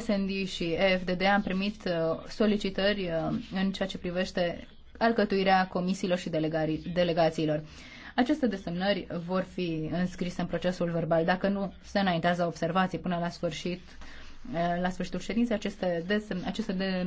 SND și EFDD am primit uh, solicitări uh, în ceea ce privește alcătuirea comisiilor și delegațiilor. Aceste desemnări vor fi înscrise în procesul verbal. Dacă nu se înaintează observații până la sfârșit, uh, la sfârșitul ședinței, aceste, desem, aceste de,